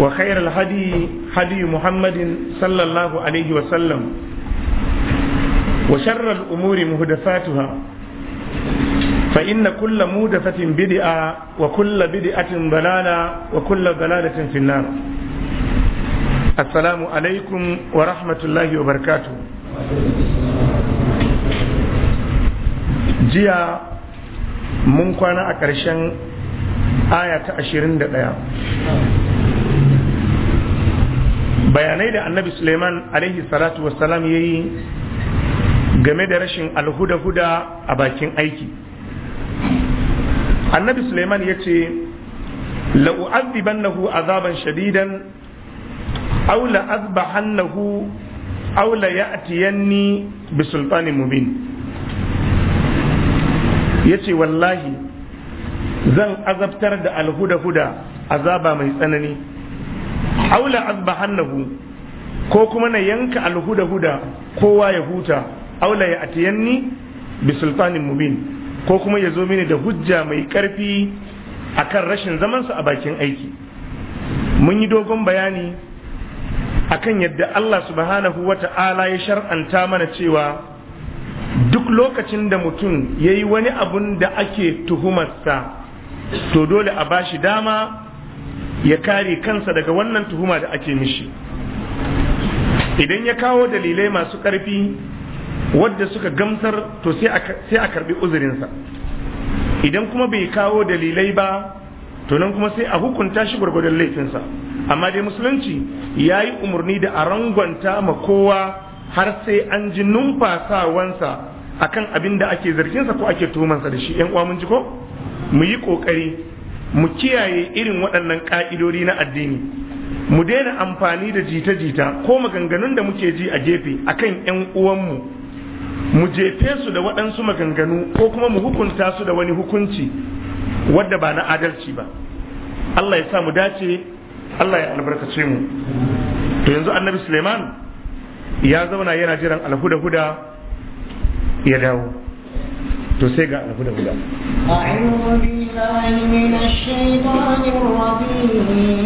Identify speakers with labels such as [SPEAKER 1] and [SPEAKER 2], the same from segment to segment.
[SPEAKER 1] وخير الهدي هدي محمد صلى الله عليه وسلم وشر الأمور مهدفاتها فإن كل مودفة بدعة وكل بدعة ضلالة وكل ضلالة في النار السلام عليكم ورحمة الله وبركاته جيا من كان أكرشن آية 21 bayanai da annabi suleiman alaihi salatu wassalam ya yi game da rashin alhuda-huda a bakin aiki annabi suleiman ya ce la'u'azzibannahu azaban shadidan aw la'azbahannahu aw ya'tiyanni bi sultanin mubin yace wallahi zan azabtar da alhuda-huda azaba mai tsanani aula azbahannahu ko kuma na yanka alhuda-huda kowa ya huta aula ya atiyanni bi sultanin mubin ko kuma ya zo mini da hujja mai karfi akan rashin zamansa a bakin aiki mun yi dogon bayani akan yadda Allah subhanahu wa ta'ala ya shar'anta mana cewa duk lokacin da mutum ya yi wani abun da ake tuhumarsa to dole a bashi dama ya kare kansa daga wannan tuhuma da ake mishi idan ya kawo dalilai masu ƙarfi wadda suka gamsar to sai a karbi uzurinsa idan kuma bai kawo dalilai ba to nan kuma sai a hukunta shi gwargwadon laifinsa amma dai musulunci ya yi umarni da a rangwanta ma kowa har sai an ji numfasawansa akan abin da ake zarginsa ko ake tuhumansa da shi yan uwa mun ji ko mu yi kokari mu kiyaye irin waɗannan ƙa'idodi na addini mu daina amfani da jita-jita ko maganganun da muke ji a gefe akan ƴan uwanmu mu jefe su da waɗansu maganganu ko kuma mu hukunta su da wani hukunci wadda ba na adalci ba Allah ya sa mu dace Allah ya albarkace mu to yanzu annabi Suleiman ya zauna yana jiran alhuda-huda ya dawo to sai ga
[SPEAKER 2] أعوذ بالله من الشيطان الرجيم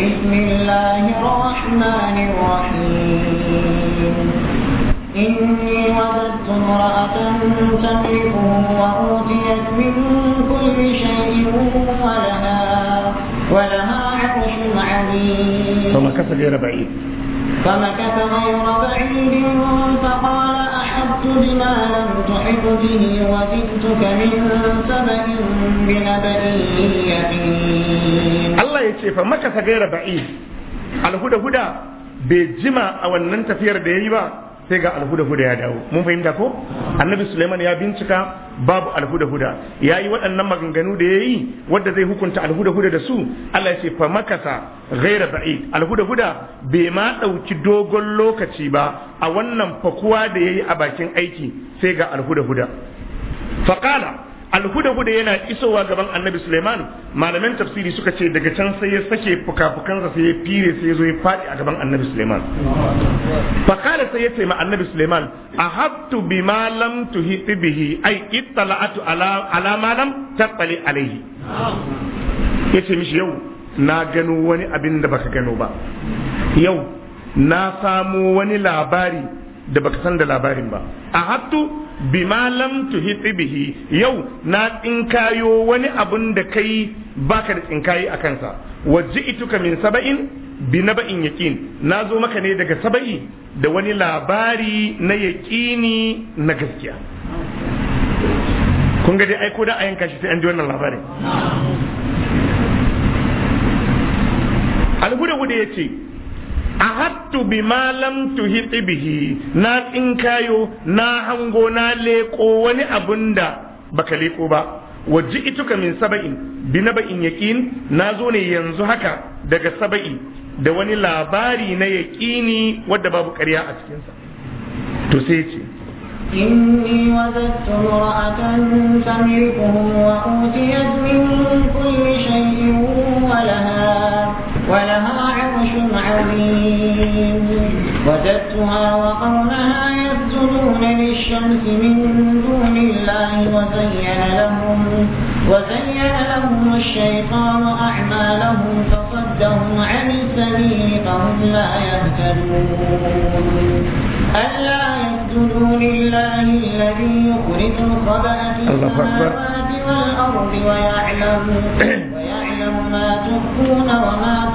[SPEAKER 2] بسم الله الرحمن الرحيم إني وجدت امرأة تملكهم وأوتيت من كل شيء ولها ولها عرش
[SPEAKER 1] عظيم فمكث غير بعيد
[SPEAKER 2] فمكث غير بعيد أحطت بما لم تحط به وجئتك من سبأ بنبأ
[SPEAKER 1] يقين الله يتشفى مكث غير بعيد الهدى هدى bai أو أن wannan ديبا sai ga alhuda-huda ya dawo mun fahimta ko annabi suleiman ya bincika babu alhuda-huda ya yi waɗannan maganganu da ya yi wadda zai hukunta alhuda-huda da su allah ya ce fa makasa ghaira ba'i alhuda-huda bai ma ɗauki dogon lokaci ba a wannan fakuwa da ya yi a bakin aiki sai ga alhuda-huda alhuda-huda yana isowa gaban annabi suleiman malaman tafsiri suka ce daga can sai ya sake fuka-fukansa sai ya fire sai ya zo ya faɗi a gaban annabi suleiman fakala sai ya ce ma annabi suleiman a habtu bi lam tuhiti bihi ai ittal'atu ala ma lam tattali alaihi ya ce mishi yau na gano wani abin da baka gano ba yau na samo wani labari da baka san da labarin ba a hattu bi lam tuhiti bihi yau na tsinkayo wani abun da kai baka da tsinkayi a kansa ituka min saba'in bi ba'in yaqin na zo maka ne daga saba'i da wani labari na yaƙini na gaskiya kun ga dai aiko da a yanka sai an ji wannan labarin alhuda huda ce a haqqtu bima lam tuhit bihi na tsinkayo na hango na leko wani abun da baka leko ba waji ituka min saba'in bi naba'in yaqin na zo ne yanzu haka daga saba'i da wani labari na yaqini wadda babu ƙarya a cikinsa to sai ce إني
[SPEAKER 2] وجدت امرأة تملكهم وأوتيت من كل شيء ولها ولها عظيم
[SPEAKER 3] وجدتها
[SPEAKER 2] وقومها يسجدون للشمس من دون الله وزين لهم وزين لهم الشيطان أعمالهم فصدهم عن السبيل فهم لا يهتدون ألا يسجدوا لله الذي يخرج الخبأ في السماوات والأرض ويعلم ويعلم ما تخفون وما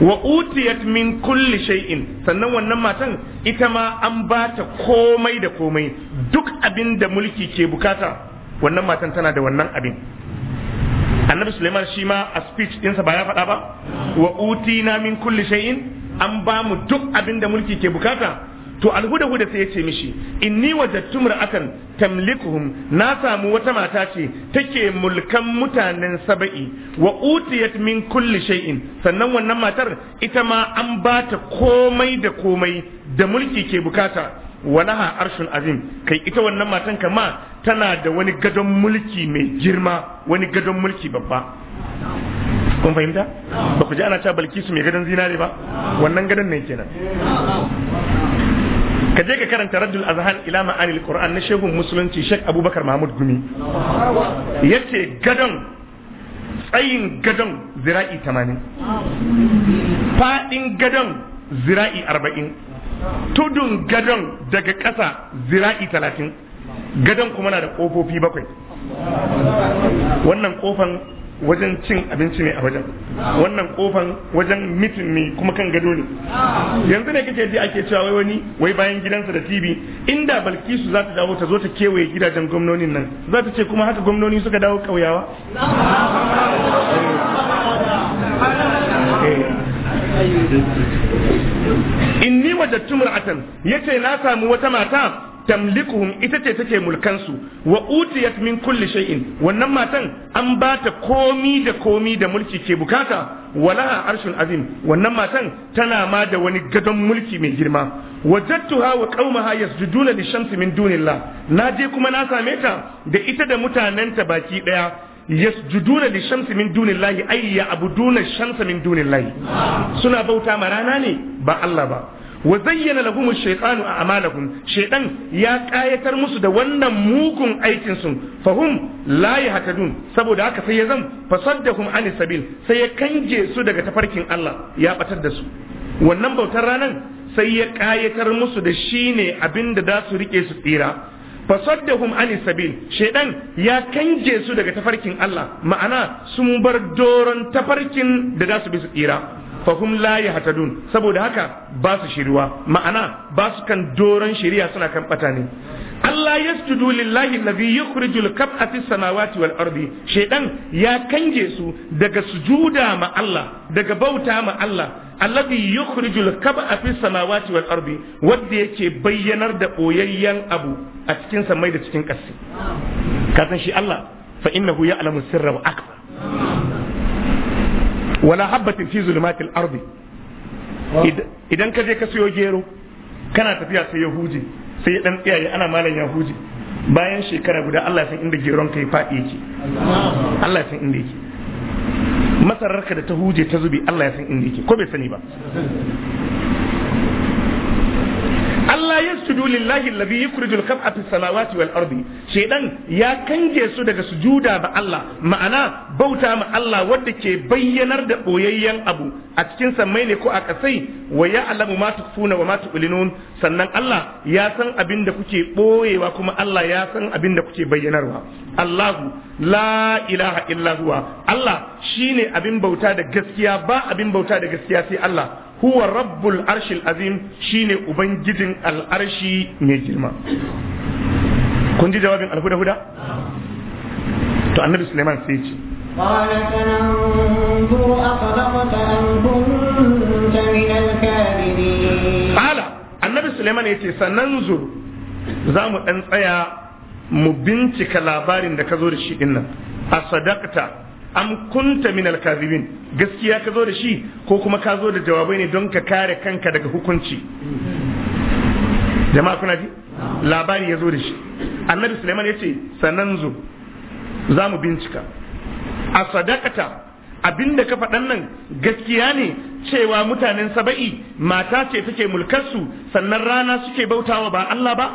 [SPEAKER 1] wa utiyat min kulli shay'in sannan wannan matan ita ma an ba ta komai da komai duk abin da mulki ke bukata wannan matan tana da wannan abin annabi suleiman shi ma a speech ɗinsa ba ya faɗa ba wa utina min kulli shay'in an ba mu duk abin da mulki ke bukata to alhuda guda sai ya ce mishi inni wajattu mar'atan tamlikuhum na samu wata mata ce take mulkan mutanen saba'i wa utiyat min kulli shay'in sannan wannan matar ita ma an ba ta komai da komai da mulki ke bukata walaha arshun azim kai ita wannan matan kama tana da wani gadon mulki mai girma wani gadon mulki babba kun fahimta ba ku ji ana cewa balkisu mai gadon zinare ba wannan gadon ne kenan ka je ka karanta radul azhan ila ma'anil na shehun musulunci shek abubakar mahmud gumi yace gadon tsayin gadon zira'i 80 fadin gadon zira'i 40 tudun gadon daga ƙasa zira'i 30 gadon kuma na da ƙofofi bakwai wannan ƙofan wajen cin abinci ne a wajen wannan kofan wajen mitin ne kuma kan gado ne yanzu ne kake ji ake cewa wai wani wai bayan gidansa da TV inda Balkisu za ta dawo ta zo ta kewaye gidajen gwamnonin nan za ta ce kuma haka gwamnoni suka dawo kauyawa eh. inni wajattu ya yace na samu wata mata tamlikuhum ita ce take mulkan su wa utiyat min kulli shay'in wannan matan an ba ta komi da komi da mulki ke bukata walaha arshun azim wannan matan tana ma da wani gadon mulki mai girma wajadtuha wa qaumaha yasjuduna lishamsi min dunillah je kuma na same ta da ita da mutanenta baki daya yasjuduna li shamsi min dunillahi ay ya'buduna shamsa min dunillahi suna bauta ma rana ne ba Allah ba wa zayyana lahum ash-shaytanu a'malahum shaytan ya kayatar musu da wannan mugun aikin su fahum la yahtadun saboda haka sai ya zan fasaddahum an sabil sai ya kanje su daga tafarkin Allah ya batar da su wannan bautar ranan sai ya kayatar musu da shine abinda da su rike su tsira fasaddahum ani sabil shedan ya kanje su daga tafarkin Allah ma'ana sun bar doron tafarkin da za su bi su tsira fahum layi hatadun saboda haka ba su shiriwa ma'ana ba su kan doron shiriya suna kan bata ne Allah yasjudu lillahi alladhi yukhrijul kab'a fis samawati wal ardi shaydan ya kange su daga sujuda ma Allah daga bauta ma Allah alladhi yukhrijul kab'a fis samawati wal ardi wanda yake bayyanar da boyayyen abu a cikin samai da cikin ƙasa ka san shi Allah fa innahu ya'lamu sirra wa akbar wala habbatin fi zulumatil ardi oh. idan ka je ka siyo gero kana tafiya sai ya huje sai dan tsiyaye ana malam ya huje bayan shekara guda Allah san inda geron ka fadi yake Allah san inda yake masarar ka da ta huje ta zubi Allah ya san inda yake ko bai sani ba Allah ya sujudu lillahi alladhi yukhrijul khab'a fis samawati wal ardi shedan ya kange su daga sujuda ba Allah ma'ana bauta ma Allah wadda ke bayyanar da ɓoyayyen abu a cikin sammai ne ko a kasai wa ya alamu ma tukfuna wa ma tulinun sannan Allah ya san abin da kuke ɓoyewa kuma Allah ya san abin da kuke bayyanarwa Allahu la ilaha illa huwa Allah shine abin bauta da gaskiya ba abin bauta da gaskiya sai Allah huwa rabbul arshil azim shine ubangijin al'arshi mai girma kun ji jawabin alhuda huda to annabi Sulaiman sai ce
[SPEAKER 2] قال سننظر أصدقت
[SPEAKER 1] أم كنت من الكاذبين قال النبي سليمان يتي سننظر زام أنصيا مبنتك لابارن دكزور الشيء إنك أصدقت am kunta min alkazibin gaskiya ka zo da shi ko kuma ka zo da jawabai ne don ka kare kanka daga hukunci jama'a kuna ji labari ya zo da shi annabi suleiman ya ce sanan zo za mu bincika a sadakata abinda ka faɗan nan gaskiya ne cewa mutanen saba'i mata ce take mulkarsu sannan rana suke bautawa ba Allah ba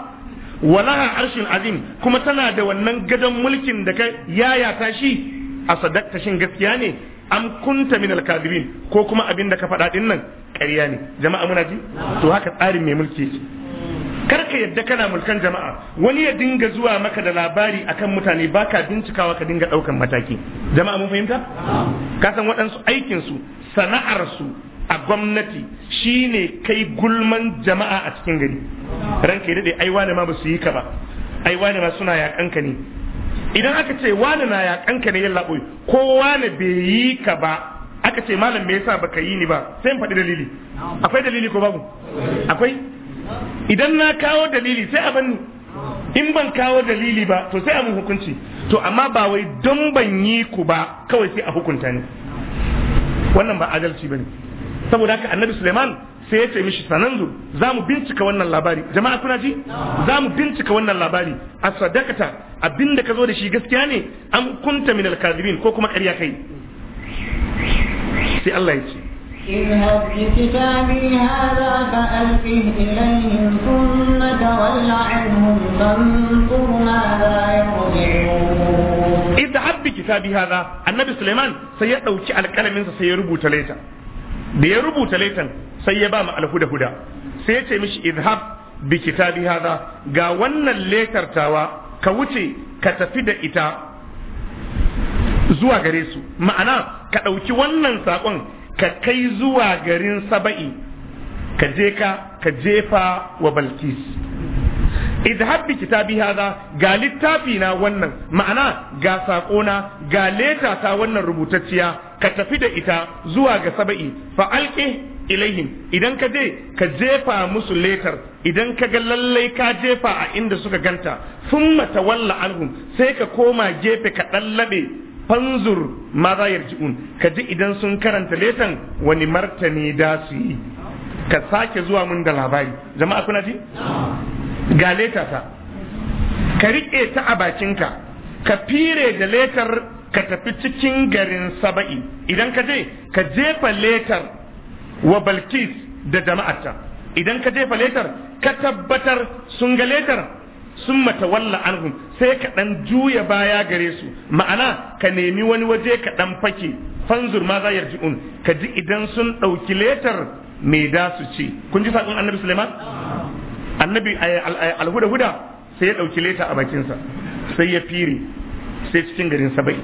[SPEAKER 1] walaha arshin azim kuma tana da wannan gadon mulkin da ka yayata shi a sadakta shin gaskiya ne am kunta min alkadirin ko kuma abinda ka faɗa din nan ƙarya ne jama'a muna ji to haka tsarin mai mulki yake karka yadda kana mulkan jama'a wani ya dinga zuwa maka da labari akan mutane baka bincikawa ka dinga daukan mataki jama'a mun fahimta ka san waɗansu aikin su sana'ar su a gwamnati shine kai gulman jama'a a cikin gari ranka dade ai wani ma ba su yi ka ba ai wani ma suna yakan ka ne idan aka ce wani na yakan ka ne yalla boy ko wani bai yi ka ba aka ce malam me yasa baka yi ni ba sai in faɗi dalili akwai dalili ko babu akwai idan na kawo dalili sai a bani in ban kawo dalili ba to sai a mun hukunci to amma ba wai don ban yi ku ba kawai sai a hukunta ni wannan ba adalci bane saboda haka annabi Suleiman sai ya ce mishi sananzu za mu bincika wannan labari jama'a kuna ji za mu bincika wannan labari a sadakata abinda ka zo da shi gaskiya ne an kunta min alkazibin ko kuma ƙarya kai sai Allah ya ce
[SPEAKER 2] اذهب بكتابي هذا فألقه إليهم ثم تول عنهم فانظر ماذا
[SPEAKER 1] يرجعون اذهب بكتابي هذا النبي سليمان سيدوكي على كلمة سيربوت ليتا da ya rubuta laitan sai ya ba mu alhuda-huda sai ya ce mishi idhab bi kitabi hadha ga wannan letar ka wuce ka tafi da ita zuwa gare su ma'ana ka ɗauki wannan saƙon ka kai zuwa garin saba'i ka je ka ka jefa wa balkis idhab bi kitabi hadha ga littafi na wannan ma'ana ga saƙona ga leta ta wannan rubutacciya ka tafi da ita zuwa ga saba'i fa alqi ilaihim idan ka je ka jefa musu letar idan ka ga lallai ka jefa a inda suka ganta thumma tawalla anhum sai ka koma gefe ka dallabe fanzur ma za ka ji idan sun karanta letan wani martani da su yi ka sake zuwa mun da labari jama'a kuna ji ga leta ta ka riƙe ta a bakinka ka fire da letar ka tafi cikin garin saba'i idan ka je ka jefa letar wa balkis da jama'arta. idan ka jefa letar ka tabbatar sun ga letar sun matawalla anhum sai ka dan juya baya gare su ma'ana ka nemi wani waje ka dan fake fanzur ma za yarji'un ka ji idan sun ɗauki letar me da su ce kun ji saƙon annabi suleiman annabi eh, eh, alhuda huda sai ya ɗauki leta a bakinsa sai ya fire sai cikin garin sabai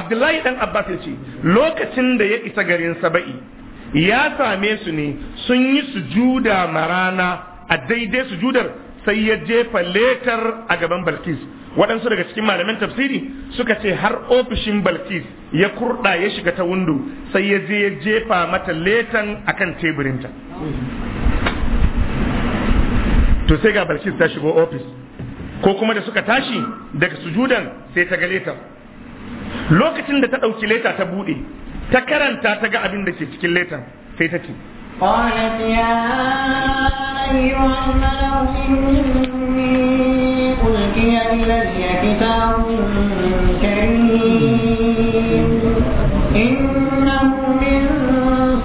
[SPEAKER 1] abdullahi dan abbas ya ce lokacin da ya isa garin saba'i ya same su ne sun yi sujuda marana a daidai sujudar sai ya jefa letar a gaban Balkis waɗansu daga cikin malaman tafsiri suka ce har ofishin Balkis ya kurɗa ya shiga ta windo sai ya je ya jefa mata letan akan teburinta to sai ga Balkis ta shigo ofis ko kuma da suka tashi daga sujudan sai ta ga letar lokacin da ta ɗauki leta ta buɗe ta karanta ta ga abin da ke cikin letan sai ta ce
[SPEAKER 2] أيها رحمن إني ألقي إلي كتاب كريم إنه من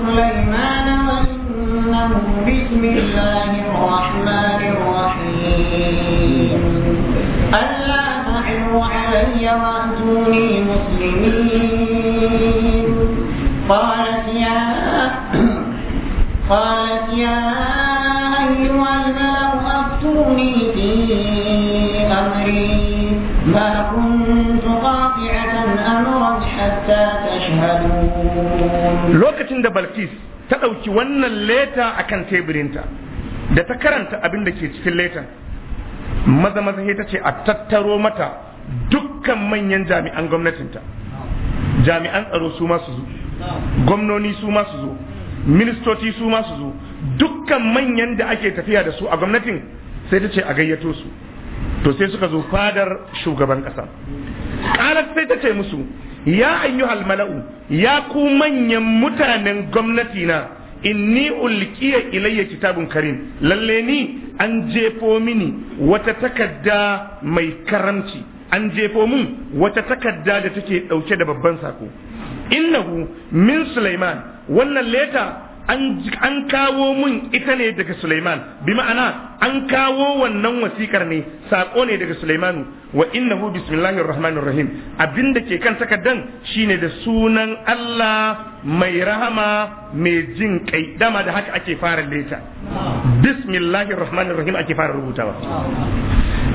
[SPEAKER 2] سليمان وإنه بسم الله الرحمن الرحيم ألا تعلوا علي وأتوني مسلمين قالت يا قالت يا
[SPEAKER 1] lokacin da balkis ta ɗauki wannan leta a kan teburinta da ta karanta abin da ke cikin letan maza maza ta ce a tattaro mata dukkan manyan jami'an gwamnatinta jami'an tsaro su masu zo gwamnoni su masu zo ministoci su masu zo dukkan manyan da ake tafiya da su a gwamnatin sai ta ce a gayyato su to sai suka zo fadar shugaban ƙasa ƙarar sai ta ce musu ya ayyuhal mala'u ya ku manyan mutanen gwamnati na inni ulqiya ilayya kitabun karim lalle ni an jefo mini wata takarda mai karamci an jefo mun wata takarda da take dauke da babban sako innahu min sulaiman wannan leta an kawo mun ita ne daga Sulaiman bi ma'ana an kawo wannan wasikar ne sako ne daga Suleiman wa innahu bismillahir rahmanir rahim abinda ke kan takaddan shine da sunan Allah mai rahama mai jin kai dama da haka ake fara leta bismillahir rahmanir rahim ake fara rubutawa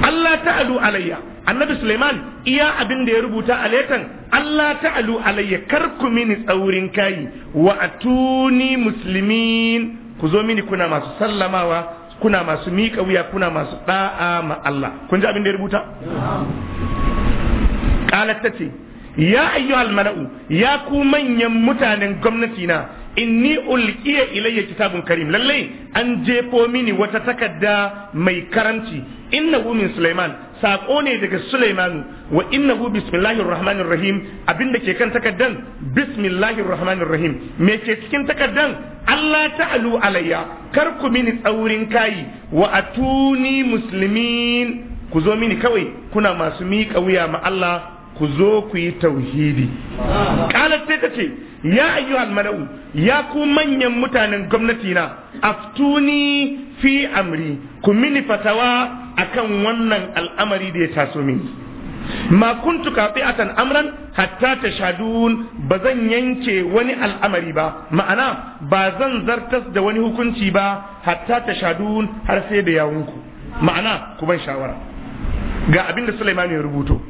[SPEAKER 1] Allah ta'alu alayya annabi Suleiman iya abin da ya rubuta a letan Allah ta'alu alayya kar ku mini tsaurin kai wa atuni muslimin ku zo mini kuna masu sallamawa kuna masu miƙa wuya kuna masu da'a ma Allah kun ji abin da ya rubuta qalat tace ya ayyuhal mala'u ya ku manyan mutanen gwamnati na inni ulqiya ilayya kitabun karim lallai an jefo mini wata takarda mai karamci hu min sulaiman sako ne daga sulaimanu wa innahu bismillahir rahmanir rahim abinda ke kan takardan bismillahir rahmanir rahim me ke cikin takardan Allah ta'alu alayya kar ku mini tsaurin kai wa atuni muslimin ku zo mini kawai kuna masu miƙa wuya ma Allah ku zo ku yi tauhidi ƙalar sai ta ce ya ayyuhal mala'u ya ku manyan mutanen gwamnati na aftuni fi amri ku mini fatawa akan wannan al'amari da ya taso mini ma kuntu qati'atan amran hatta tashadun ba zan yanke wani al'amari ba ma'ana ba zan zartas da wani hukunci ba hatta tashadun har sai da yawunku ma'ana ku ban shawara ga abinda Sulaiman ya rubuto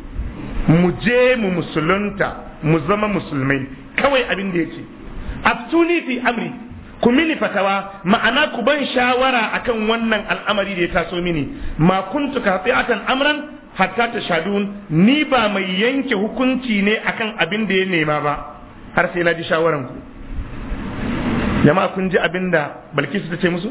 [SPEAKER 1] mu je mu musulunta mu zama musulmai kawai abin da yake aftuni fi amri ku mini fatawa ma'ana ku ban shawara akan wannan al'amari da ya taso mini ma kuntu kafiatan amran hatta tashadun ni ba mai yanke hukunci ne akan abin da ya nema ba har sai na ji shawaran ku jama'a kun ji abin da Balkisu ta ce musu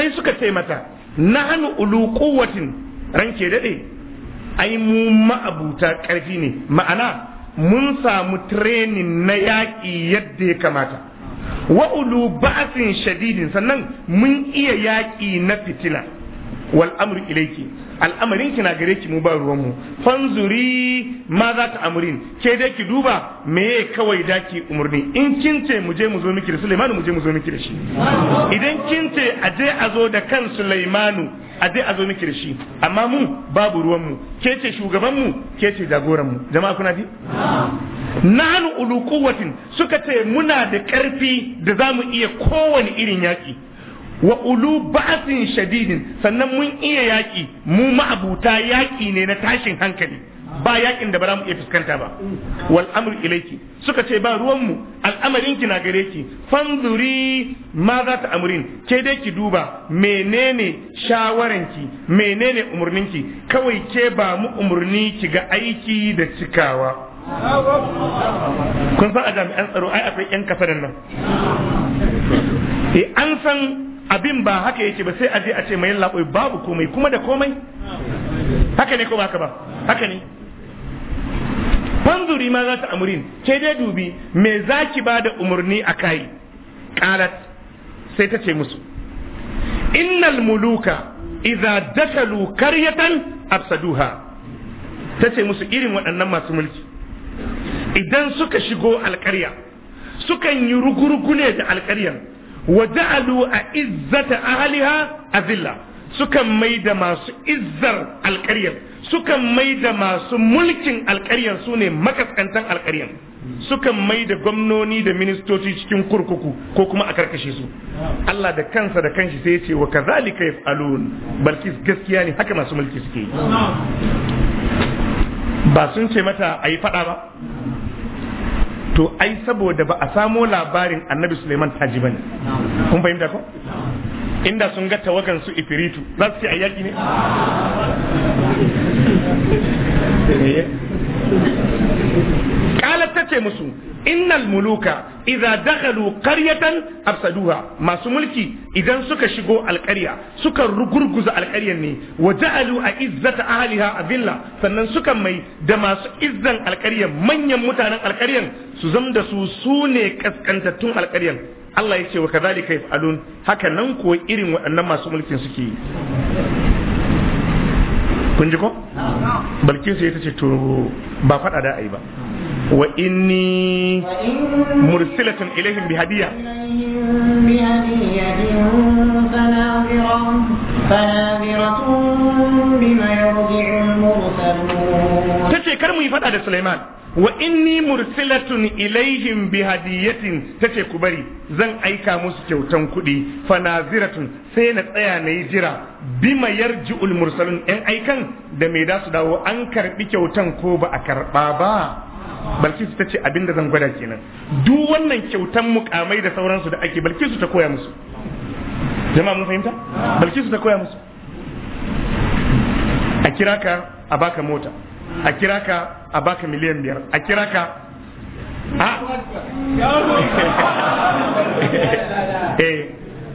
[SPEAKER 1] sai suka ce mata nahnu ulu quwwatin ranke daɗe ai mu ma'abuta ƙarfi ne ma'ana mun samu trenin na yaƙi yadda ya kamata wa ulu ba'asin shadidin sannan mun iya yaƙi na fitila wal amru ilayki al'amarin ki na gare ki mu ba ruwan mu fanzuri ma za ta amurin ke dai ki duba me kawai da ki umurni in kin ce mu je mu zo miki da Sulaimanu mu je mu zo miki da shi idan kin ce a je a zo da kan Sulaimanu a je a zo miki da shi amma mu babu ruwan mu ke ce shugaban mu ke ce jagoran mu jama'a kuna ji nahnu ulu quwwatin suka ce muna da karfi da zamu iya kowane irin yaki wa ulu ba'sin shadidin sannan mun iya yaki mu ma'abuta yaki ne na tashin hankali ba yakin da ba za mu iya fuskanta ba wal amru ilayki suka ce ba ruwan mu al'amarin ki na gare ki fanzuri ma za ta amurin ke dai ki duba menene shawaran ki menene umurnin ki kawai ke ba mu umurni ki ga aiki da cikawa kun san a jami'an tsaro ai akwai yan kasaran nan eh an san abin ba haka yake ba sai a je a ce mai labai babu komai kuma da komai haka ne ko ba haka ba haka ne fanzuri ma za ta amurin ke dai dubi me za ki ba da umarni a kai ƙalat sai ta ce musu innal muluka idza dakalu karyatan afsaduha ta ce musu irin waɗannan masu mulki idan suka shigo alƙarya sukan yi rugurgune da alƙaryar wa Alu a izzata ahliha Zilla sukan mai da masu izzar alƙaryar sukan mai da masu mulkin alƙaryar su ne makaskantan alƙaryar sukan mai da gwamnoni da ministoci cikin kurkuku ko kuma a karkashe su Allah da kansa da kanshi sai ya ce wa kazalika yaf'alun balkis gaskiya ne haka masu mulki suke yi ba sun ce mata a yi faɗa ba to ai saboda ba a samo labarin annabi suleiman taji ne kun fahimta ko inda sun ga tawagan su ifiritu za su ce a yaki ne kala eh. ta ce musu innal muluka idza dakhalu qaryatan afsaduha masu mulki idan suka shigo alƙarya suka rugurguza alƙaryar ne wa ja'alu a izzata ahliha abilla sannan suka mai da masu izzan alƙaryar manyan mutanen alƙaryar su zam da su sune kaskantattun alƙaryar Allah ya ce wa kazalika yaf'alun haka nan ko irin waɗannan masu mulkin suke yi kun ji ko balkin sai ta ce to ba faɗa da ai ba wa inni mursilatun ilaihim bi hadiya tace kar mu yi fada da Sulaiman wa inni mursilatun ilaihim bi hadiyatin tace ku bari zan aika musu kyautan kuɗi fanaziratun sai na tsaya na yi jira bima yarji'ul mursalun yan aikan da me da su dawo an karɓi kyautan ko ba a karɓa ba balkisu ta ce abin da zan gwada kenan duk wannan kyautan mukamai da sauransu da ake balkisu ta koya musu jama'a mun fahimta balkisu ta koya musu a kira ka a baka mota a kira ka a baka miliyan biyar a kira ka eh,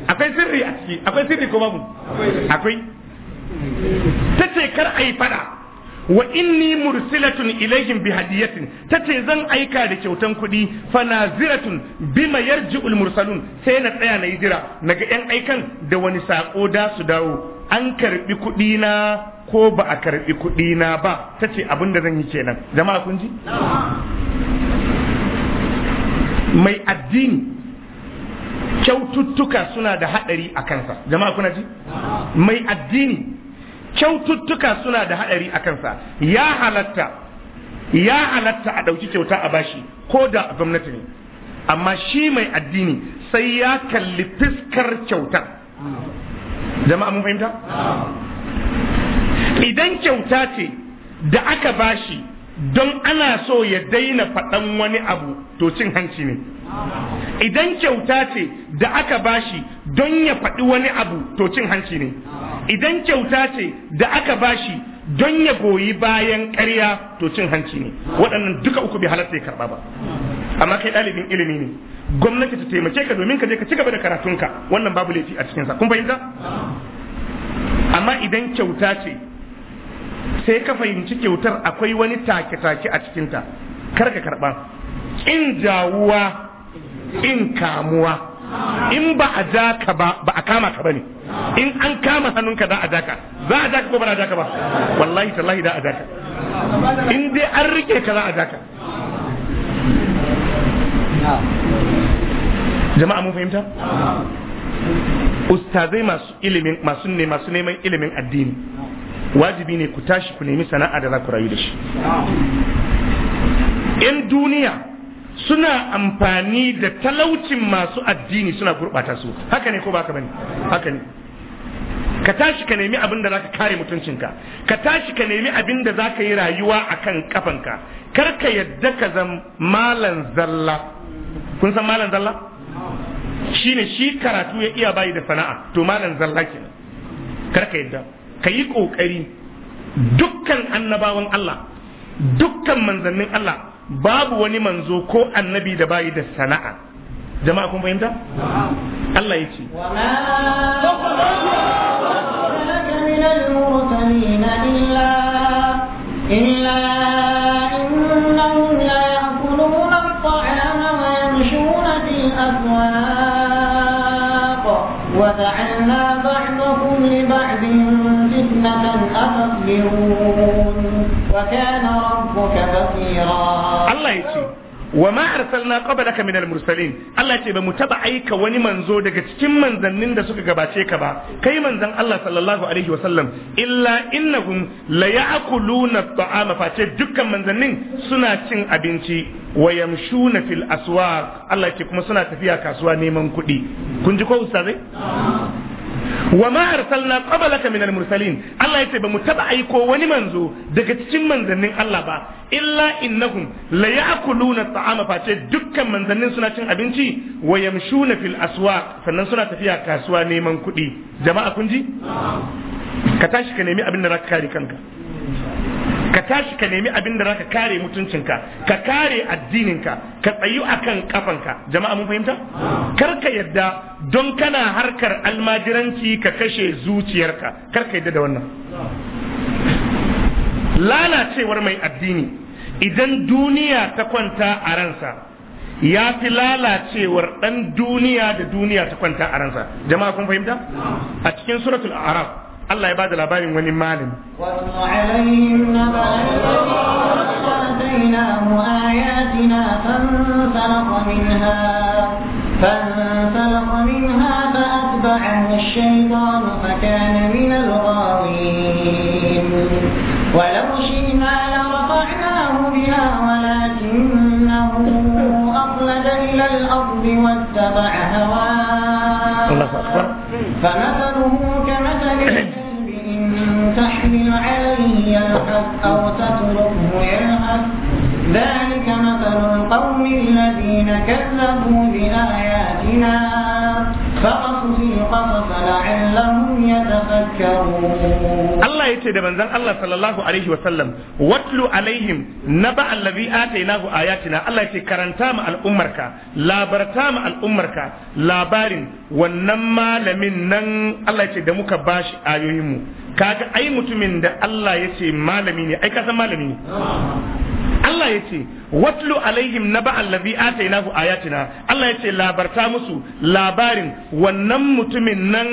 [SPEAKER 1] akwai sirri a ciki akwai sirri ko babu akwai ta ce kar a yi fada wa inni mursilatun ilaihim bi hadiyatin tace zan aika da kyautan kuɗi fa naziratun bima yarji'ul mursalun sai na tsaya na jira naga yan aikan da wani sako da su dawo an karbi kuɗi na ko ba a karbi kuɗi na ba tace abin da zan yi kenan jama'a kun ji mai addini kyaututtuka suna da haɗari a kansa jama'a kuna ji mai addini kyaututtuka suna da haɗari a kansa ya halatta ya halatta a ɗauki kyauta a bashi ko da a gwamnati ne amma shi mai addini sai ya kalli fiskar kyauta jama'a mun fahimta idan kyauta ce da aka bashi don ana so ya daina faɗan wani abu to cin hanci ne idan kyauta ce da aka bashi don ya faɗi wani abu to cin hanci ne idan kyauta ce da aka bashi don ya goyi bayan ƙarya to cin hanci ne waɗannan duka uku bai halatta ya karɓa ba amma kai ɗalibin ilimi ne gwamnati ta taimake ka domin ka je ka ci gaba da karatunka wannan babu laifi a cikinsa kun fahimta amma idan kyauta ce sai ka fahimci kyautar akwai wani take-take a cikinta kar ka karɓa in jawuwa in kamuwa in ba a ja ka ba ba a kama ka bane in an kama hannunka za a ja ka za a ja ka ko ba a ja ka ba wallahi tallahi za a ja ka in dai an rike ka za a ja ka jama'a mun fahimta ustazai masu ilimin masu ne masu neman ilimin addini wajibi ne ku tashi ku nemi sana'a da za ku rayu da shi in duniya suna amfani da talaucin masu addini suna gurɓata su haka ne ko ba ka bane haka ne ka tashi ka nemi abin da zaka kare mutuncinka ka tashi ka nemi abin da zaka yi rayuwa akan kafanka kar ka yadda ka zam malan zalla kun san malan zalla shine shi karatu ya iya bayi da sana'a to malan zalla kenan kar ka yadda ka yi kokari dukkan annabawan Allah dukkan manzannin Allah babu wani manzo ko annabi da bayi da sana'a jama'a kun fahimta Allah ya ce
[SPEAKER 2] وجعلنا بعضكم لبعض فتنة أتصبرون
[SPEAKER 1] wa ma arsalna qablaka min al-mursalin Allah ce ba mu taba aika wani manzo daga cikin manzannin da suka gabace ka ba kai manzan Allah sallallahu alaihi wa sallam illa innahum la ya'kuluna at-ta'ama face dukkan manzannin suna cin abinci wa yamshuna fil aswaq Allah ce kuma suna tafiya kasuwa neman kuɗi kun ji ko ustazai wa ma arsalna qablaka minal mursalin Allah yace ba mu taba aiko wani manzo daga cikin manzannin Allah ba illa innahum la ya'kuluna ta'ama face dukkan manzannin suna cin abinci wa yamshuna fil aswaq sannan suna tafiya kasuwa neman kuɗi jama'a kun ji ka tashi ka nemi abin da zaka kare kanka ka tashi ka nemi abin da ka kare mutuncinka ka kare addininka ka tsayu akan kafanka jama'a mun fahimta kar ka yadda don kana harkar almajiranci ka kashe zuciyarka kar ka yadda da wannan lalacewar mai addini idan duniya ta kwanta a ransa ya fi lalacewar ɗan duniya da duniya ta kwanta a ransa jama'a kun fahimta a cikin suratul araf Allah ya bada labarin wani malin
[SPEAKER 2] فانسلق منها فأتبعه الشيطان فكان من الغاوين ولو شئنا لرفعناه بها ولكنه أخلد إلى الأرض واتبع هواه
[SPEAKER 1] فمثله
[SPEAKER 2] كمثل تحمل عليه يلحث أو تتركه يلحث ذلك مثل القوم الذين كذبوا بآياتنا فقصص القصص لعلهم يتفكرون
[SPEAKER 1] Allah ya ce da manzon Allah sallallahu alaihi wa sallam watlu alaihim naba allazi atainahu ayatina Allah ya ce karanta ma al'ummarka labarta ma al'ummarka labarin wannan malamin nan Allah ya ce da muka bashi ayoyin mu kaga ai mutumin da Allah ya ce malami ne ai ka san malami ne Allah ya ce watlu alaihim na ba'allabi atainahu ayatina Allah ya ce labarta musu labarin wannan mutumin nan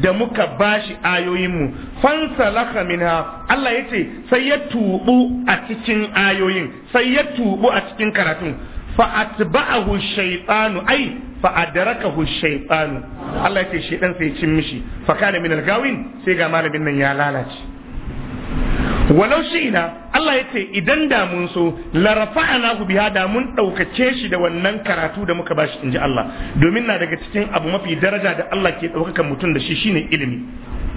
[SPEAKER 1] da muka bashi ayoyinmu fansalaka minha Allah ya ce sai ya tubu a cikin ayoyin sai ya tubu a cikin karatun fa'atba'ahu shaytanu ai fa'adarakahu shaytanu Allah ya ce shedan sai cin mishi fa kana min algawin sai ga malamin nan ya lalace walau ina Allah ya ce idan da mun so larafa'ana biha da mun ɗaukace shi da wannan karatu da muka bashi inji Allah domin na daga cikin abu mafi daraja da Allah ke ɗaukakan mutum da shi shine ilimi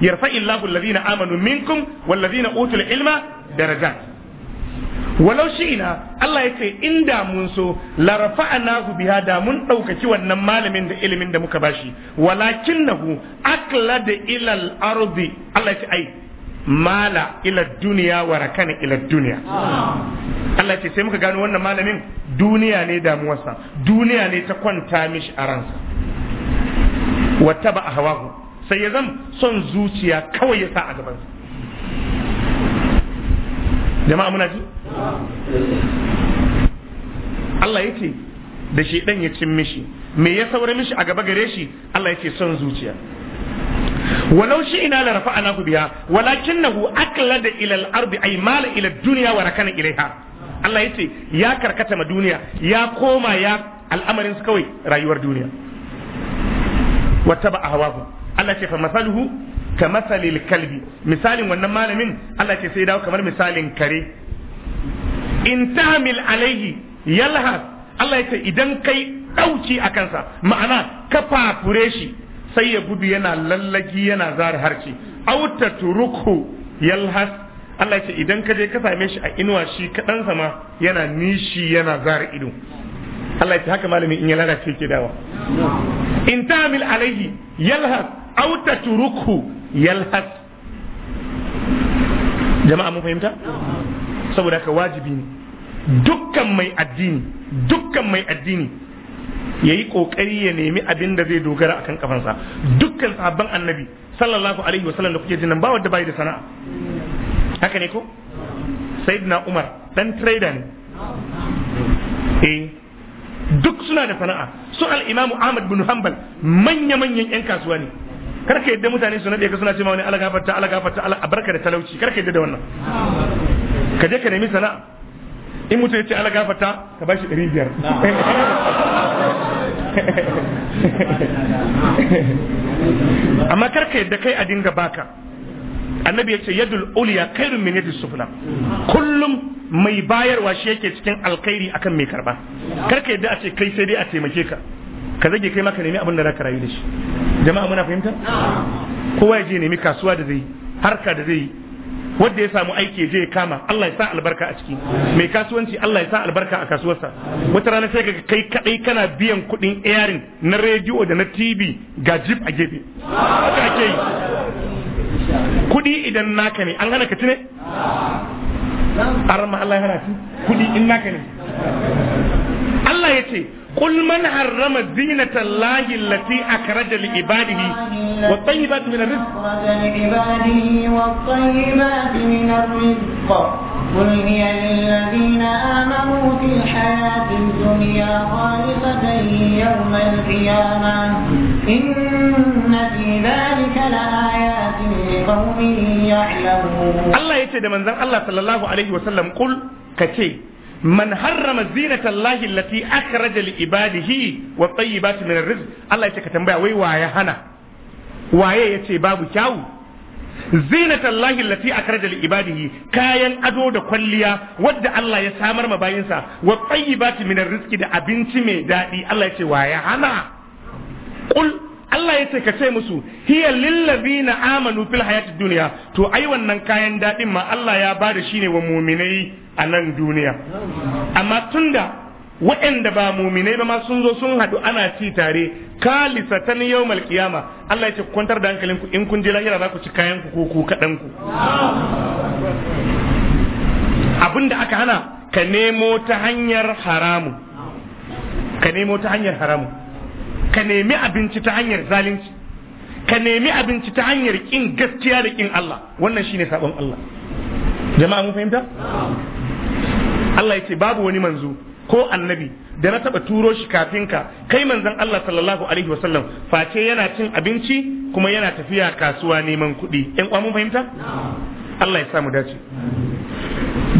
[SPEAKER 1] yarfa Allahu allazina amanu minkum wallazina utul ilma darajat walau ina Allah ya ce in da mun so larafa'ana biha da mun ɗaukaci wannan malamin da ilimin da muka bashi walakinnahu da ilal ardi Allah ya ce ai mala ila duniya wa rakana ila duniya Allah ce sai muka gano wannan malamin duniya ne damuwarsa duniya ne ta kwanta mishi a ransa wata ba a hawahu sai ya zan son zuciya kawai ya sa a gabansa jama'a muna ji Allah ya ce da shi ya cin mishi me ya saura mishi a gaba gare shi Allah ya ce son zuciya walau shi ina la rafa'ana hu biha walakinahu aqlada ila arbi ard ay mala ila ad-dunya wa rakana ilaiha Allah ya karkata ma duniya ya koma ya al'amarin su kawai rayuwar duniya wata ba a hawahu Allah ce fa masaluhu ka masalil misalin wannan malamin Allah ce sai dawo kamar misalin kare in tamil alaihi yalha, Allah ya ce idan kai dauki a kansa ma'ana ka fafure shi sai ya gudu yana lallagi yana zara harci auta turuku yalhas Allah ce idan ka je ka same shi a inuwa shi kaɗan sama yana nishi yana zara ido Allah ce haka malami in ya lalace ke dawa in tamil alaihi yalhas auta turuku yalhas jama'a mun fahimta saboda ka wajibi ne dukkan mai addini dukkan mai addini yayi kokari ya nemi abin da zai dogara a kan kafansa dukkan sabon annabi sallallahu alaihi wasallam da kuke jinan ba wanda bai da sana'a haka ne ko sayyidina umar dan trader ne eh duk suna da sana'a su al-imamu ahmad bin hanbal manya manyan yan kasuwa ne kar ka yadda mutane su nade ka suna cewa wani ala fatta ala fatta ala abarka da talauci kar ka yadda da wannan ka je ka nemi sana'a in mutum ya ce ala gafata ka bashi ɗari biyar amma karka yadda kai a dinga baka annabi ya ce yadul uliya kairun min yadis sufla kullum mai bayarwa shi yake cikin alkhairi akan mai karba karka yadda a ce kai sai dai a taimake ka ka zage kai maka nemi abin da ka rayu da shi jama'a muna fahimta kowa ya je nemi kasuwa da zai harka da zai wanda ya samu aiki je ya kama Allah ya sa albarka a ciki mai kasuwanci Allah ya sa albarka a kasuwarsa wata rana sai ka kai kadai kana biyan kuɗin airing na rediyo da na TV ga jib a gefe
[SPEAKER 4] haka ake yi
[SPEAKER 1] kuɗi idan naka ne an hana ka tune ne Allah ya hana kuɗi in naka ne Allah ya ce قل من حرم زينة الله التي أخرج لعباده والطيبات من الرزق
[SPEAKER 2] لعباده والطيبات من الرزق
[SPEAKER 1] لقوم يعلمون الله يتي ده منزان الله صلى الله عليه وسلم قل كتي من حرم زينة الله التي أخرج لعباده والطيبات من الرزق الله يتي كتنبيه وي واي هنا واي يتي باب كاو zinatan lahi lati akraja ibadihi kayan ado da kwalliya wadda Allah ya samar ma bayinsa wa tayyibati min rizqi da abinci mai daɗi. Allah ya ce wa ya hana qul Allah ya ce ka ce musu hiya lillazina amanu fil hayati duniya, to ai wannan kayan daɗin ma Allah ya bada shi ne wa muminai a nan duniya amma tunda waɗanda ba muminai ba ma sun zo sun haɗu ana ci tare kalisatan yawmal qiyama Allah ya ce kwantar da hankalinku in kun je lahira za ku ci kayan ku ko ku kaɗan ku abinda aka hana ka nemo ta hanyar haramu ka nemo ta hanyar haramu ka nemi abinci ta hanyar zalunci ka nemi abinci ta hanyar kin gaskiya da kin Allah wannan shine sabon Allah jama'a mun fahimta Allah yake babu wani manzo ko annabi da na taba turo shi kafin ka kai manzon Allah sallallahu alaihi wasallam face yana cin abinci kuma yana tafiya kasuwa neman kuɗi ƴan uwa mun fahimta Allah ya samu dace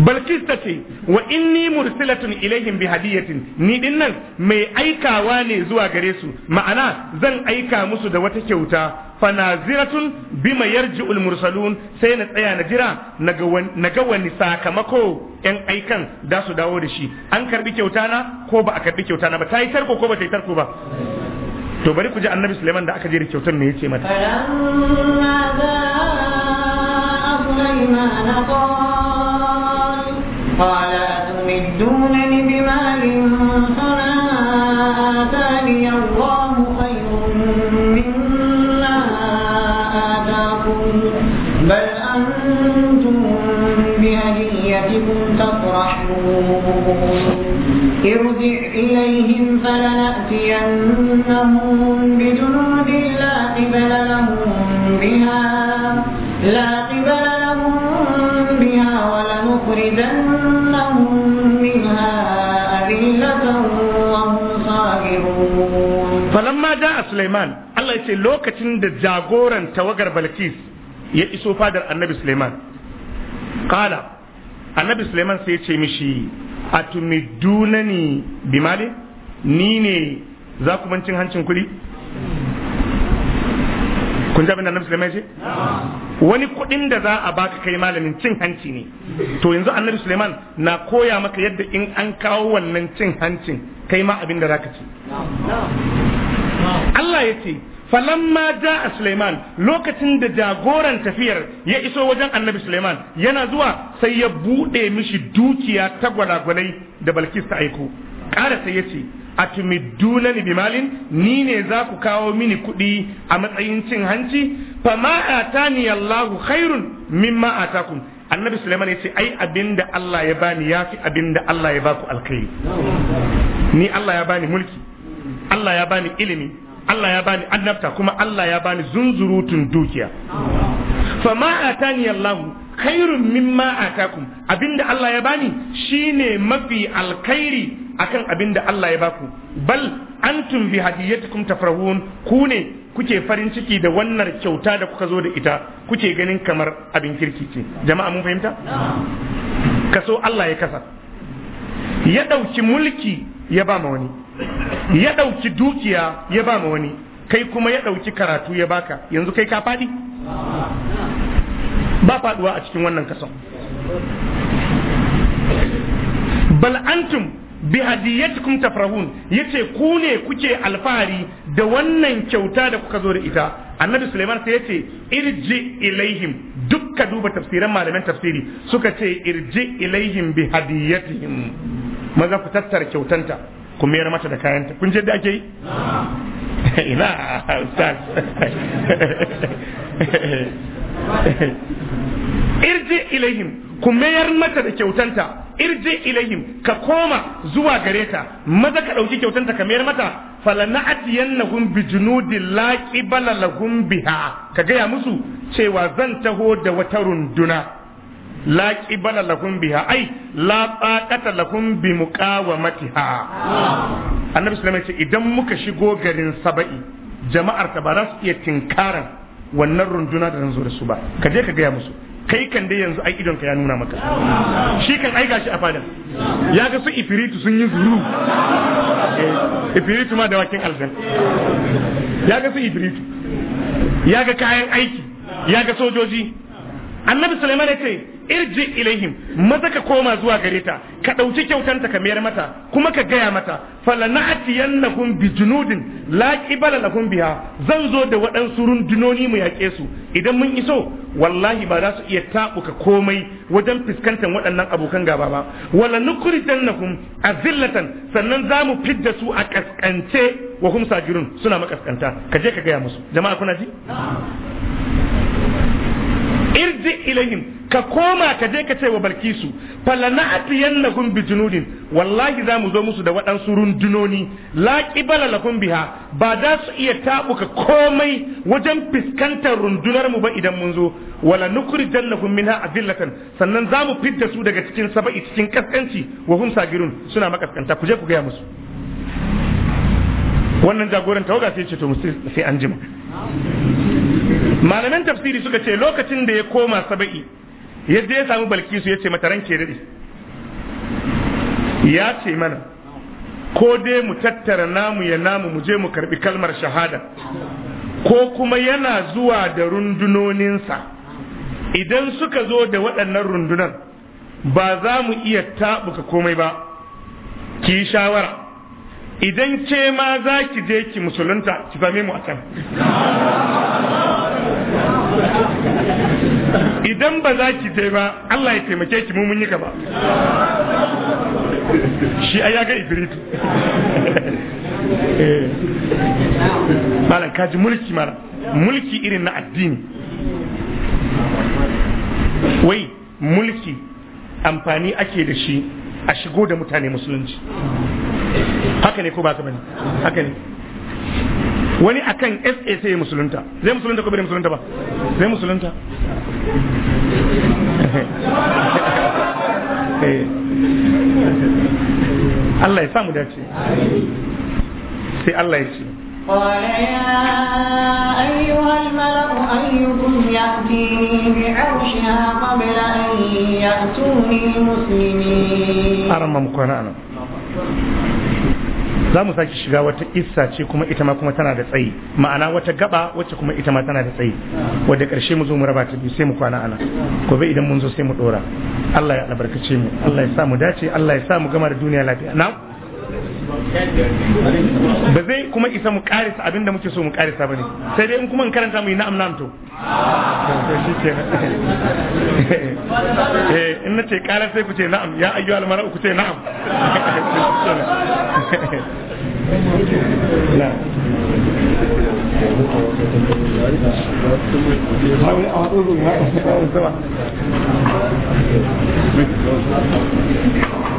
[SPEAKER 1] balkis ta ce wa inni mursilatun ilaihim bi hadiyatin ni dinnan mai aikawa ne zuwa gare su ma'ana zan aika musu da wata kyauta fanaziratun bima yarji'ul mursalun sai na tsaya na jira na ga wani sakamako yan aikan da su dawo da shi an karbi kyauta na ko ba a karbi kyauta na ba ta yi tarko ko ba ta yi tarko ba to bari ku ji annabi suleiman da aka je kyautar ne yace mata
[SPEAKER 2] قال أتمدونني بمال فما آتاني الله خير مما آتاكم بل أنتم بهديتكم تفرحون ارجع إليهم فلنأتينهم بجنود لا قبل لهم بها لا قبل لهم بها ولنخرجن
[SPEAKER 1] Suleiman Allah ya ce lokacin da jagoran tawagar Balkis ya iso fadar annabi Suleiman. kala annabi Suleiman sai ya ce mishi atumidunani bimali ni ne za ku mancin hancin kuɗi kun jabin annabi Suleiman ce wani kuɗin da za a baka kai malamin cin hanci ne to yanzu annabi Suleiman na koya maka yadda in an kawo wannan cin hancin kai ma abin da zaka ci Allah ya ce falamma a Suleiman lokacin da jagoran tafiyar ya iso wajen Annabi Suleiman yana zuwa sai ya buɗe mishi dukiya ta gwalagwalai da Balkis ta aiko ƙara sai ya ce atumiduna ni bimalin ni ne za ku kawo mini kuɗi a matsayin cin hanci fama atani Allahu khairun mimma kun? Annabi Suleiman ya ce ai abinda Allah ya bani yafi abinda Allah ya baku alkhairi ni Allah ya bani mulki Allah ya bani ilimi Allah ya bani annabta kuma Allah ya bani zunzurutun dukiya Fa ma atani Allah khairun mimma atakum abinda Allah ya bani shine mafi alkhairi akan abinda Allah ya baku bal antum bi hadiyatikum tafrahun ku ne kuke farin ciki da wannan kyauta da kuka zo da ita kuke ganin kamar abin kirki ce jama'a mun fahimta kaso Allah ya kasa ya ɗauki mulki ya ba ma wani ya ɗauki dukiya ya ba ma wani kai kuma ya ɗauki karatu ya baka yanzu kai ka faɗi ba faɗuwa a cikin wannan kasan. bal'antum antum bi hadiyatikum tafrahun yace ku ne kuke alfahari da wannan kyauta da kuka zo da ita annabi suleiman sai yace irji ilaihim dukka duba tafsiran malaman tafsiri suka ce irji ilaihim bi hadiyatihim maza ku tattara kyautanta ku mayar mata da kayanta kun je da ake yi ina ustaz irji ilayhim ku mayar mata da kyautanta irji ilayhim ka koma zuwa gare ta maza ka ɗauki kyautanta ka mayar mata falana'atiyannahum bi junudin la lahum biha ka gaya musu cewa zan taho da wata runduna la qibala lahum biha ai la taqata lahum bi muqawamatiha annabi sallallahu alaihi idan muka shigo garin saba'i jama'ar ta ba za su iya wannan runduna da zo da su ba ka je ka gaya musu kai kan dai yanzu ai idon ka ya nuna maka shi kan ai gashi a fadan ya ga su ifiritu sun yi zuru eh, ifiritu ma da wakin aljan ya ga su ifiritu ya ga kayan aiki ya ga sojoji annabi sulaiman ya ce irji ilaihim maza ka koma zuwa gare ta ka ɗauki kyautanta ka mayar mata kuma ka gaya mata falana'tiyannahum bi junudin la qibala lahum biha zan zo da waɗansu rundunoni mu yaƙe su idan mun iso wallahi ba za su iya tabuka komai wajen fuskantar waɗannan abokan gaba ba wala nukrijannahum azillatan sannan za mu fidda su a kaskance wa hum sajirun suna makaskanta ka je ka gaya musu jama'a kuna ji irji ilayhim ka koma ka je ka ce wa balkisu falana'tiyannahum bijinudin wallahi za mu zo musu da waɗansu rundunoni la qibala lakum biha ba za su iya taɓuka komai wajen fiskantar rundunar mu ba idan mun zo wala nukhrijannahum minha adillatan sannan za mu fidda su daga cikin saba'i cikin kaskanci wa hum sagirun suna makaskanta ku je ku gaya musu wannan jagoran tawaga sai ce to sai an jima malaman tafsiri suka ce lokacin da ya koma saba'i ya je ya samu balkisu ya ce mata ranke daɗi. ya ce mana ko dai mu tattara namu ya namu mu je mu karbi kalmar shahada ko kuma yana zuwa da rundunoninsa idan suka zo da waɗannan rundunar, ba za mu iya taɓuka komai ba ki yi shawara idan ce ma za ki je ki musulunta ki same mu a can idan ba za ki tai ba Allah ya taimake ki mu mun yi gaba shi ai ya ga ibritu malam kaji mulki mara mulki irin na addini wai mulki amfani ake da shi a shigo da mutane musulunci haka ne ko ba ka bane haka ne wani akan SA sai ya musulunta zai musulunta ko bai musulunta ba zai musulunta eh. Allah ya samu dace sai Allah ya ce
[SPEAKER 2] قال يا أيها الملأ أيكم يأتيني بعرشها قبل أن يأتوني مسلمين
[SPEAKER 1] أرمم قرآنا za mu sake shiga wata issa ce kuma ita ma kuma tana da tsayi ma'ana wata gaba wacce kuma ita ma tana da tsayi wadda karshe mu zo mu raba ta biyu sai mu kwana ana gobe idan mun zo sai mu dora Allah ya albarkace mu Allah ya sa mu dace Allah ya sa mu gama da duniya lafiya na'am ba zai kuma isa mu karisa abinda muke so mu karisa ba ne sai dai in kuma karanta mu yi na'am na'am to eh, in na ce kara sai ku ce na'am ya ayyu almara ku ce na'am
[SPEAKER 3] Thank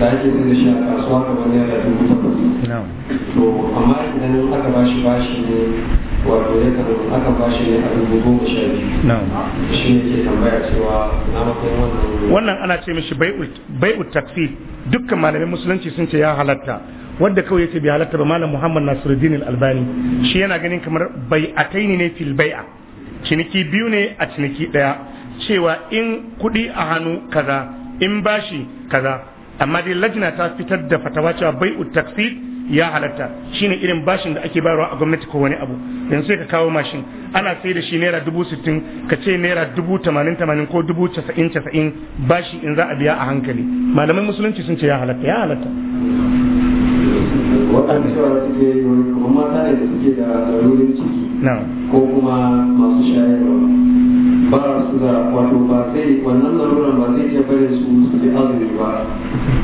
[SPEAKER 3] da ake zai shi a kasuwa ga wani da dubu takwas. To amma idan aka bashi bashi ne wato ya kan aka bashi ne a dubu goma sha biyu. Shi ne ke tambaya cewa na matsayin wannan.
[SPEAKER 1] Wannan ana ce mishi bai'ut taksi dukkan malamin musulunci sun ce ya halatta wadda kawai yace bai halatta ba malam Muhammad Nasiruddin Albani shi yana ganin kamar bai'ataini ne fil bai'a ciniki biyu ne a ciniki daya cewa in kudi a hannu kaza in bashi kaza amma dai lajina ta fitar da fatawa cewa bai taksir ya halatta shine irin bashin da ake bayarwa a gwamnati ko wani abu yanzu sai ka kawo mashin ana sai da shi naira dubu sittin ka ce naira dubu tamanin tamanin ko dubu casa'in casa'in bashi in za a biya a hankali malamai musulunci sun ce ya halatta ya halatta
[SPEAKER 3] waɗanda shawara yi da suke da lalurin ciki ko kuma masu shayarwa ba su da wato ba sai wannan laruran ba zai iya barin su su bi azumi ba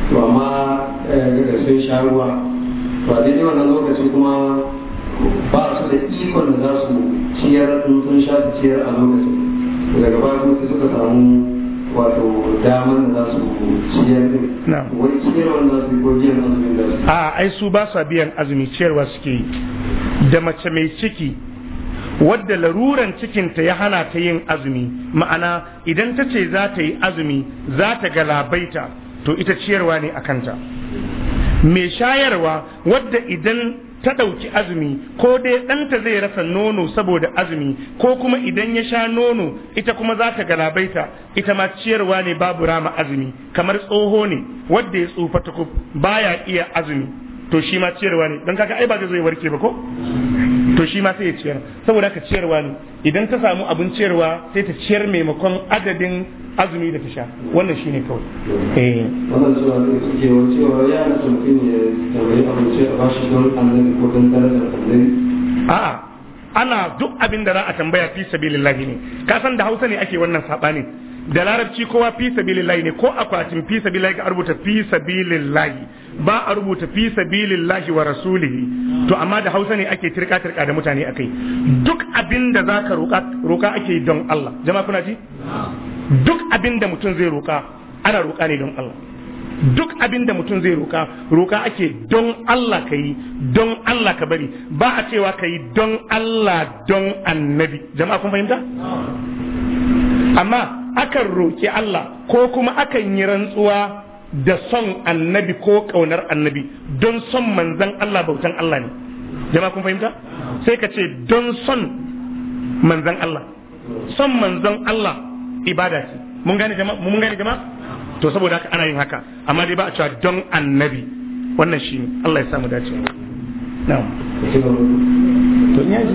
[SPEAKER 3] to amma daga eh, sun sha ruwa to ne daidai wannan lokacin kuma ba su da ikon da za su ciyar in sun sha su ciyar a lokacin daga ba su sai suka samu wato damar da za su ciyar din wani ciyarwa za su yi ko biyan azumin da su
[SPEAKER 1] a ai su ba sa biyan azumi ciyarwa suke yi da mace mai ciki wadda laruran cikinta ya hana ta yin azumi ma'ana idan ta ce za ta yi azumi za ta galabaita to ita ciyarwa ne a kanta mai shayarwa wadda idan ta ɗauki azumi ko dai ɗanta zai rasa nono saboda azumi ko kuma idan ya sha nono ita kuma za ta galabaita ita ma ciyarwa ne babu rama azumi kamar tsoho ne wadda ya tsufa tukub baya iya azumi to shi ma ciyarwa ne don kaka ai ba zai warke ba ko to shi ma sai ya ciyar saboda ka ciyarwa ne idan ta samu abin ciyarwa sai ta ciyar maimakon adadin azumi da ta sha wannan shine wannan ne kawai
[SPEAKER 3] eh. wa ya na a bashi ko
[SPEAKER 1] a'a ana duk abin da za a tambaya fi sabilillahi ne ka san da Hausa ne ake wannan saɓani. da larabci kowa fi sabilillahi ne ko akwatin fi sabilillahi ka rubuta fi sabilillahi ba a rubuta fi sabilillahi wa rasulihi to amma da Hausa ne ake tirka tirka da mutane akai duk abin da zaka roka roka ake don Allah jama'a kuna ji duk abin da mutum zai roka ana roka ne don Allah duk abin da mutum zai roka roka ake don Allah ka yi don Allah ka bari ba a cewa ka yi don Allah don annabi jama'a kun fahimta amma akan roƙi Allah ko kuma akan yi rantsuwa da son annabi ko ƙaunar annabi don son manzan Allah bautan Allah ne jama'a kun fahimta sai ka ce don son manzan Allah son manzan Allah ibada ce mun gane jama'a mun gane jama'a to saboda haka ana yin haka amma dai ba a cewa don annabi wannan shi ne Allah ya samu dace na'am to ya ji